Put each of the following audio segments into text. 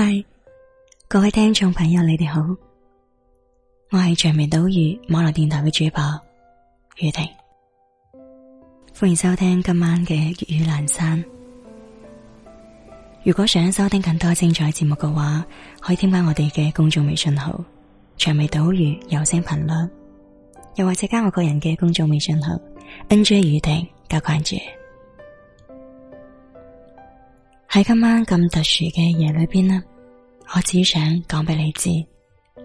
嗨，各位聽眾朋友，你哋好，我係長尾島嶼網絡電台嘅主播雨婷，歡迎收聽今晚嘅粵語闌珊。如果想收聽更多精彩節目嘅話，可以添加我哋嘅公眾微信號長尾島嶼有聲頻率，又或者加我個人嘅公眾微信號 NJ 雨婷加關注。喺今晚咁特殊嘅夜裏邊啊！我只想講俾你知，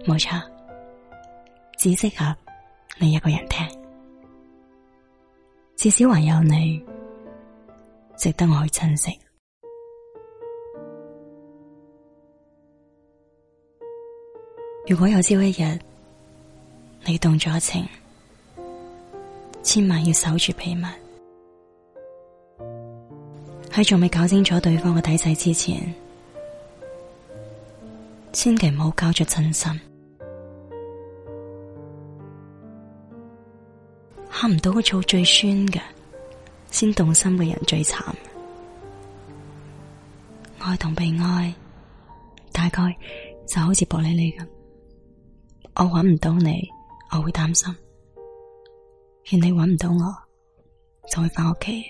冇錯，只適合你一個人聽。至少還有你，值得我去珍惜。如果有朝一日你動咗情，千萬要守住秘密。喺仲未搞清楚對方嘅底細之前，千祈唔好交着真心，喊唔到佢做最酸嘅，先動心嘅人最慘。愛同被愛，大概就好似玻璃嚟嘅。我搵唔到你，我會擔心；而你搵唔到我，就會翻屋企。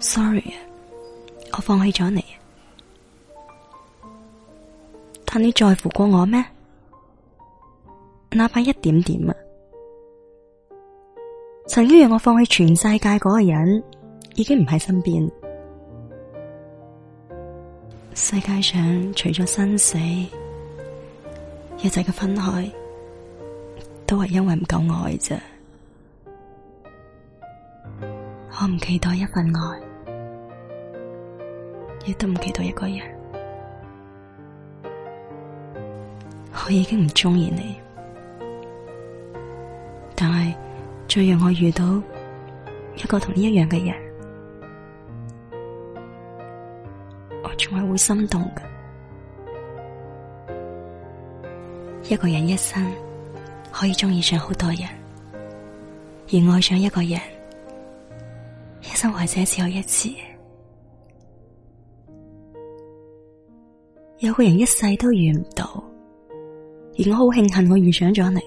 Sorry 啊，我放棄咗你。你在乎過我咩？哪怕一點點啊！曾經讓我放棄全世界嗰個人，已經唔喺身邊。世界上除咗生死，一切嘅分開，都係因為唔夠愛啫。我唔期待一份愛，亦都唔期待一個人。我已經唔中意你，但係，最讓我遇到一個同你一樣嘅人，我仲係會心動嘅。一個人一生可以中意上好多人，而愛上一個人，一生或者只有一次。有個人一世都遇唔到。我好慶幸我遇上咗你，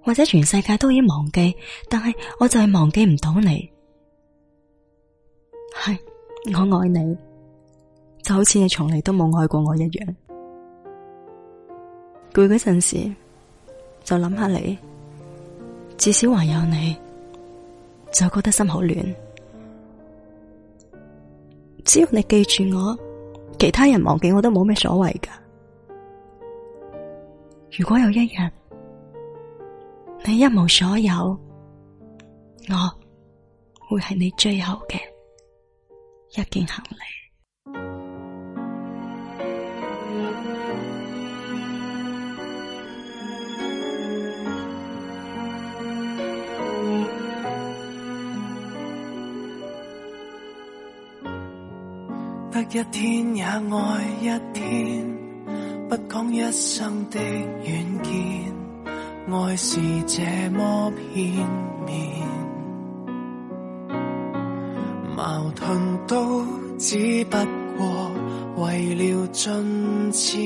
或者全世界都已經忘記，但係我就係忘記唔到你。係我愛你，就好似你從嚟都冇愛過我一樣。攰嗰陣時就諗下你，至少還有你，就覺得心好亂。只要你記住我。其他人忘記我都冇咩所謂㗎。如果有一日你一無所有，我會係你最後嘅一件行李。一天也愛一天，不講一生的遠見，愛是這麼片面，矛盾都只不過為了進展，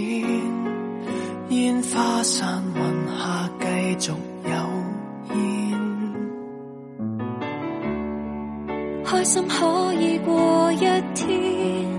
煙花散雲下繼續有煙，開心可以過一天。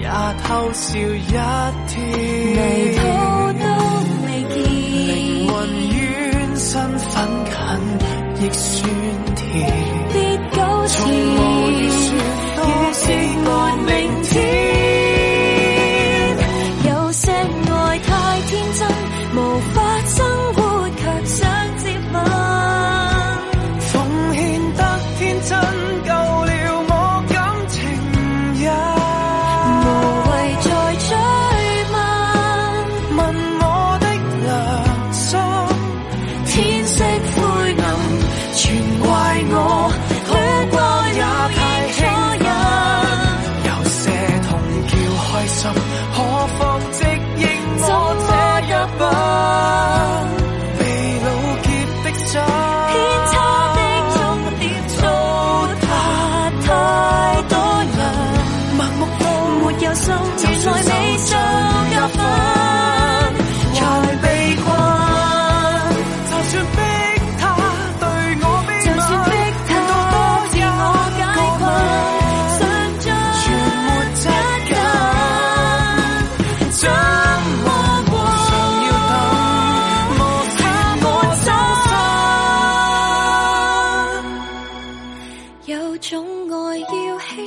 也偷笑一天。